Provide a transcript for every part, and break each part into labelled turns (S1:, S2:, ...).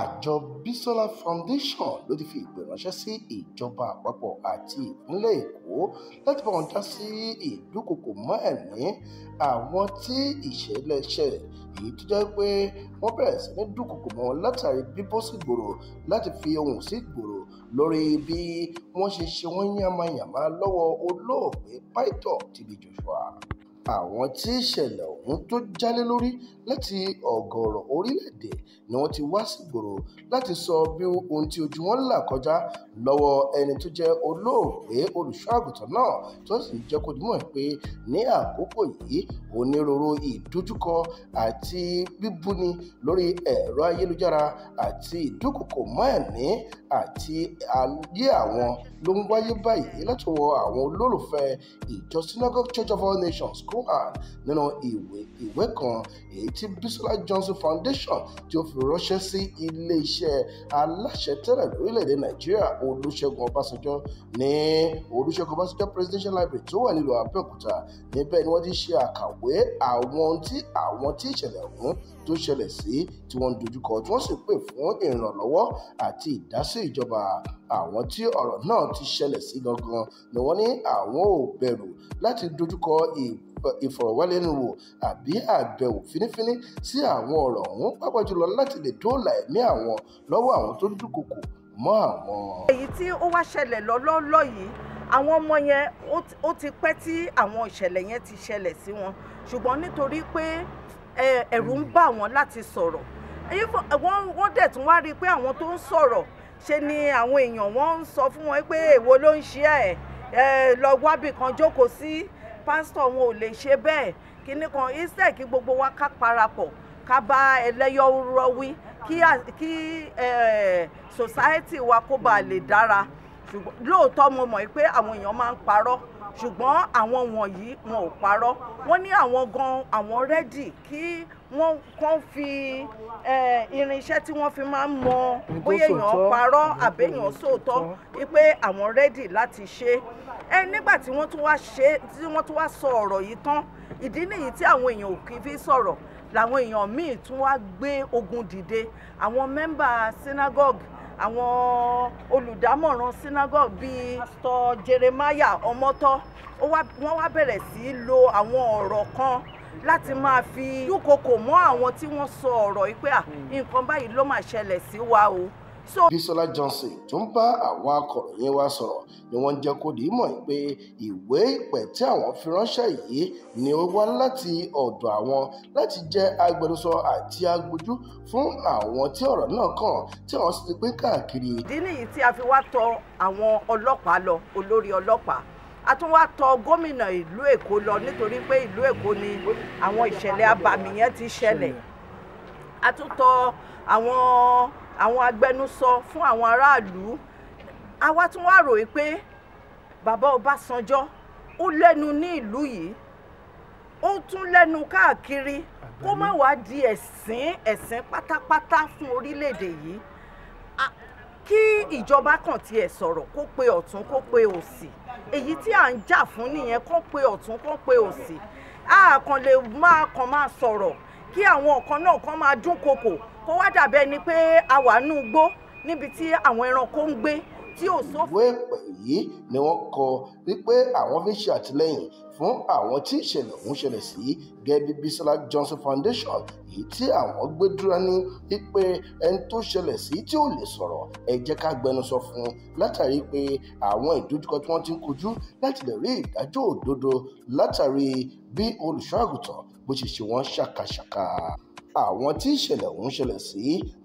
S1: àjọ Bisola Foundation ló ti fi ìpè ránṣẹ́ sí ìjọba àpapọ̀ àti ìpínlẹ̀ Èkó láti bá wọn dá sí ìdúkokò mọ́ ẹ̀mí àwọn tí ìṣẹ̀lẹ̀ ṣẹlẹ̀ èyí tó jẹ́ pé wọ́n bẹ̀rẹ̀ sí ní dúkokò mọ́ wọn látàrí bíbọ́ sí gbòòrò láti fi ohùn sí gbòòrò lórí bí wọ́n ṣe ṣe wọ́n yàmáyàmá lọ́wọ́ olóògbé Paito TB Joshua àwọn tí ìṣẹ̀lẹ̀ ọ̀hún tó jálé lórí láti ọ̀gọ̀ọ̀rọ̀ orílẹ̀-èdè ni wọ́n ti wá sígboro láti sọ bí ohun tí ojú wọn là kọjá lọ́wọ́ ẹni tó jẹ́ olóògbé olùṣọ́àgùtàn náà tó sì jẹ́ kó dimọ̀ pé ní àkókò yìí onírúurú ìdojúkọ àti bíbúni lórí ẹ̀rọ ayélujára àti ìdúkòkò mọ́ ẹ̀mí àti ayé àwọn ló ń wáyé báyìí látọwọ́ àwọn olólùfẹ́ ìjọ Synagogue Church of All Nations Quran nínú ìwé ìwé kan èyí tí Bisola Johnson Foundation tí ó fi ránṣẹ́ sí iléeṣẹ́ aláṣẹ tẹ́lẹ̀ lórílẹ̀‐èdè Nàìjíríà Olúṣẹ́gun Ọbásanjọ́ ní Olúṣẹ́gun Ọbásanjọ́ Presidential Library tó wà nílùú Abẹ́òkúta níbẹ̀ ni wọ́n ti ṣe àkàwé àwọn tí àwọn tí ìṣẹ̀lẹ̀ ọ̀hún tó ṣẹlẹ̀ sí tí wọ́n ń dojúkọ tí wọ́n sì pè fún ìrànlọ́wọ́ àti ìdásí ìjọba àwọn tí ọ̀rọ̀ náà ti ṣẹlẹ̀ sí gangan ni wọ́n ní àwọn ò bẹ̀rù láti dojúkọ ìbò ìfọ̀rọ̀wálẹ́nuwò àbí àbẹ̀wò fínífíní sí àwọn ọ̀rọ̀ ọ̀hún pàápàá jùlọ láti lè dóòlà ẹ̀mí àwọn lọ́wọ́ àwọn tó ń dúnkokò mọ́ àwọn.
S2: èyí tí ó wá ṣẹlẹ̀ lọ́lọ́lọ́ yìí àwọn ọmọ yẹn ó ti pẹ́ tí àwọn ìṣẹ̀lẹ̀ yẹn ti ṣẹlẹ̀ sí wọn ṣùgbọ́n nítorí pé ẹ̀rù ń bà wọ́n láti sọ̀rọ̀ wọ́n dẹ̀ tún wá rí i pé àwọn tó ń sọ̀rọ̀ ṣe ni àwọn èèyàn wọ́n ń sọ fún wọn pé èwo ló ń ṣe ẹ̀ lọ wábì jókòó sí pásítọ̀ wọn ò lè ṣe bẹ́ẹ̀ kíní kan instead kí gbogbo wa ká parapọ̀ ká bá ẹlẹ́yọ̀ọ́rọ́ kí society wa kó ba lè dára lóòótọ́ mo mọ̀ pé àwọn èèyàn máa ń parọ́ ṣùgbọ́n àwọn wọ̀nyí wọn ò parọ́ wọ́n ní àwọn gan àwọn rẹ́dì kí wọ́n kàn fi irinṣẹ́ tí wọ́n fi máa ń mọ bóyá èèyàn parọ́ àbẹ́yàn sóòótọ́ wípé àwọn rẹ́dì láti ṣe é nígbà tí wọ́n tún wá ṣe tí wọ́n tún wá sọ ọ̀rọ̀ yìí tán ìdí nìyí tí àwọn èèyàn ò kì fi sọ̀rọ̀ làwọn èèyàn míì tún wá gbé ogun dìde àwọn mẹ́mbà synagogue àwọn olùdámọ̀ràn synagogue bíi pastor Jeremiah ọmọtọ́ wọ́n wá bẹ̀rẹ̀ sí í lo àwọn ọ̀rọ̀ kan láti máa fi dúkokò mọ́ àwọn tí wọ́n sọ ọ̀rọ̀ yìí pé hmm. nǹkan báyìí ló máa ṣẹlẹ̀ sí wa o.
S1: Bísọ́lá Johnson tó ń bá àwọn akọ̀ròyìn wa sọ̀rọ̀ ni wọ́n jẹ́ kó dì mọ̀ pé ìwé ìpè tí àwọn fi ránṣẹ́ yìí ni ó wá láti ọ̀dọ̀ àwọn láti jẹ́ agbẹnusọ àti agbójú fún àwọn tí ọ̀rọ̀
S2: náà kàn tí wọ́n sì ti pín káàkiri. Ìdí nìyí tí a fi wá tọ àwọn ọlọ́pàá lọ olórí ọlọ́pàá a tún wá tọ gómìnà ìlú Èkó lọ nítorí pé ìlú Èkó ni àwọn ìṣẹ̀lẹ̀ abàmì yẹn ti ṣẹlẹ̀ a tún tọ àwọn àwọn agbẹnusọ fún àwọn aráàlú àwa tún wá ròyìn pé bàbá Ọbásanjọ́ ó lẹ́nu ní ìlú yìí ó tún lẹ́nu káàkiri kó má wàá di ẹ̀sín ẹ̀sín pátápátá fún orílẹ̀-èdè yìí kí ìjọba kan tiẹ̀ sọ̀rọ̀ kó pe ọ̀tún kó pe òsì èyí tí à ń jà fún nìyẹn kó pe ọ̀tún kó pe òsì a kàn lè máa kàn máa sọ̀rọ̀ kí àwọn kan náà kan máa dúnkokò kó wá dàbẹ́ ni pé a wà nù gbó níbi tí àwọn ẹranko ń gbé tí ò sófin. ìwé ìpè yìí
S1: ni wọ́n kọ wípé àwọn fi ṣe àtìlẹ́yìn fún àwọn tí ìṣẹ̀lẹ̀ ọ̀hún ṣẹlẹ̀ sí gẹ́gẹ́ Bisola Johnson Foundation èyí tí àwọn gbé dúró ní wípé ẹni tó ṣẹlẹ̀ sí tí ò lè sọ̀rọ̀ ẹ jẹ́ ká gbẹnusọ fún un látàrí pé àwọn ìdojúkọ tí wọ́n ti ń kojú láti lè rí ìdájọ́ òdodo látàrí bí olùṣọ́ àgùntàn bó ṣe ṣe wọ́n ṣàkàṣàkà àwọn tí ìṣẹ̀lẹ̀ ọ̀hún ṣẹlẹ̀ sí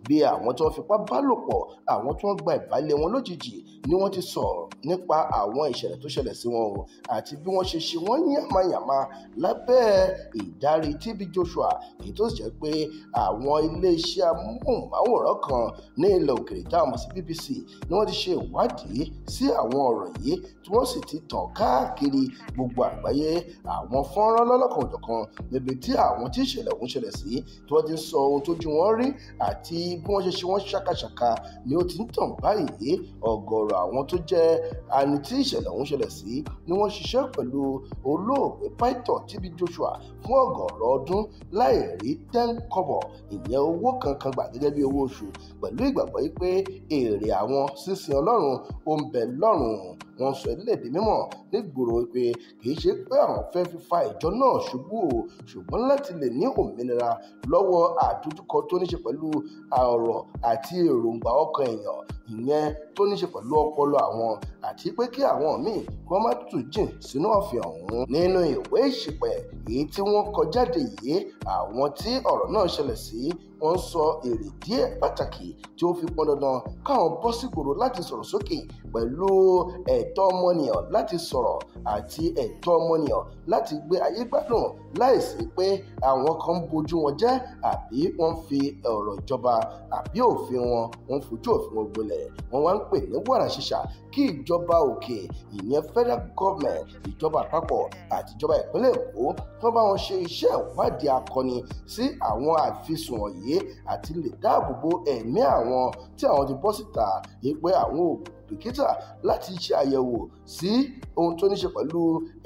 S1: bíi àwọn tí wọ́n fipá bá lò pọ̀ àwọn tí wọ́n gba ìbálẹ̀ wọn lójijì ni wọ́n ti sọ̀rọ̀ nípa àwọn ìṣẹ̀lẹ̀ tó ṣẹlẹ̀ sí wọn o àti bí wọ́n ṣe ṣe wọ́n yàmàyàmà lábẹ́ ìdarí TB Joshua èyí tó sì jẹ́ pé àwọn iléeṣẹ́ amóhùnmáwòrán kan ní ilẹ̀ òkèrè tá mọ̀ sí BBC ni wọ́n ti ṣe ìwádìí sí àwọn ọ̀rọ̀ yìí tí wọ́n sì ti tàn káàkiri gbogbo àgbáyé àwọn fọ́nrán lọ́lọ́kan òjọ̀kan níbi tí àwọn tí ìṣẹ̀lẹ̀ tí wọ́n ti ń sọ ohun tójú wọn rí àti bí wọ́n ṣe ṣe wọ́n ṣàkàṣàkà ni ó ti ń tàn báyìí ọ̀gọ̀rọ̀ àwọn tó jẹ́ àní tí ìṣẹ̀lẹ̀ ọ̀hún ṣẹlẹ̀ sí ni wọ́n ṣiṣẹ́ pẹ̀lú olóògbé Python TB Joshua fún ọ̀gọ̀rọ̀ ọdún láì rí ten kọ́bọ̀ ìyẹn owó kankan gbà gẹ́gẹ́ bí owó oṣù pẹ̀lú ìgbàgbọ́ yìí pé èrè àwọn sísìn Ọlọ́run ó ń bẹ lọ́rùn wọ́n sọ elédè mímọ̀ nígboro pé kì í ṣe pé àwọn fẹ́ fi fa ìjọ náà ṣubú o ṣùgbọ́n láti lè ní òmìnira lọ́wọ́ àdójúkọ tó níṣe pẹ̀lú ọ̀rọ̀ àti èròǹgbà ọkàn èèyàn ìyẹn tó níṣe pẹ̀lú ọpọlọ àwọn àti pé kí àwọn míì kí wọ́n má tù jìn sínú ọ̀fìn ọ̀hún nínú ìwé ìṣìpẹ̀ èyí tí wọ́n kọ jáde yìí àwọn tí ọ̀rọ̀ náà ṣẹlẹ̀ sí wọ́n sọ èrè díẹ̀ pàtàkì tí ó fi pọn dandan káwọn bọ́ sígboro láti sọ̀rọ̀ sókè pẹ̀lú ẹ̀tọ́ ọmọnìyàn láti sọ̀rọ̀ àti ẹ̀tọ́ ọmọnìyàn láti gbé ayé gbádùn láìsí pé àwọn kan ń bojú wọn jẹ́ àbí wọ́n fi ọ̀rọ̀ ìjọba àbí òfin wọn wọ́n fojú òfin wọn gbolẹ̀ wọ́n wá ń pè ní wàrà ṣíṣà kí ìjọba òkè ìyẹn federal government ìjọba àpapọ̀ àti ìjọba ìpínlẹ̀ èkó tó bá wọn ṣe iṣẹ́ ìwádìí akọni sí àwọn àfisùn wọ̀nyí àgbáyé àti lè dáàbò bo ẹ̀mí àwọn tí àwọn ti bọ́ síta yìí pé àwọn ò bìkítà láti ṣe àyẹ̀wò sí ohun tó ní ṣe pẹ̀lú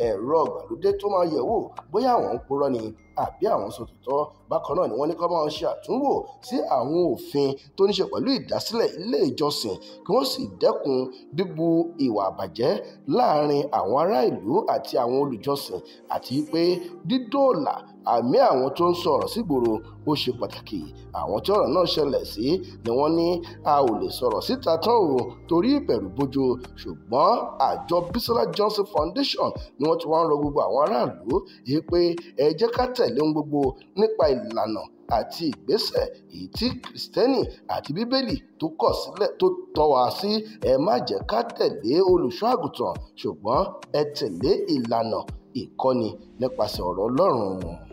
S1: ẹ̀rọ ìgbàlódé tó máa yẹ̀wò bóyá àwọn ń purọ́ ni àbí àwọn sọ tòótọ́ bákan náà ni wọ́n ní kó máa ṣe àtúnwò sí àwọn òfin tó ní ṣe pẹ̀lú ìdásílẹ̀ ilé ìjọsìn kí wọ́n sì dẹ́kun bíbu ìwà àbàjẹ́ láàrin àwọn ará ìlú àti àwọn olùjọsìn àti pé dídóòlà àmì àwọn tó ń sọ̀rọ̀ sígboro ó ṣe pàtàkì àwọn tí ọ̀rọ̀ náà ṣẹlẹ̀ sí ni wọ́n ní a ò lè sọ̀rọ̀ síta tán o torí ìbẹ̀rù bójú ṣùgbọ́n àjọ Bisola Johnson Foundation ni wọ́n ti wá ń rọ gbogbo àwọn aráàlú yìí pé ẹ jẹ́ ká tẹ̀lé ohun gbogbo nípa ìlànà àti ìgbésẹ̀ èyí tí kìrìsìtẹ́nì àti bíbélì tó kọ̀ sílẹ̀ tó tọ́ wá sí ẹ má jẹ́ ká tẹ̀lé olùṣọ́ ṣùgbọ́n ẹ tẹ̀lé ìlànà ìkọ́ni nípasẹ̀ ọ̀rọ̀ Ọlọ́run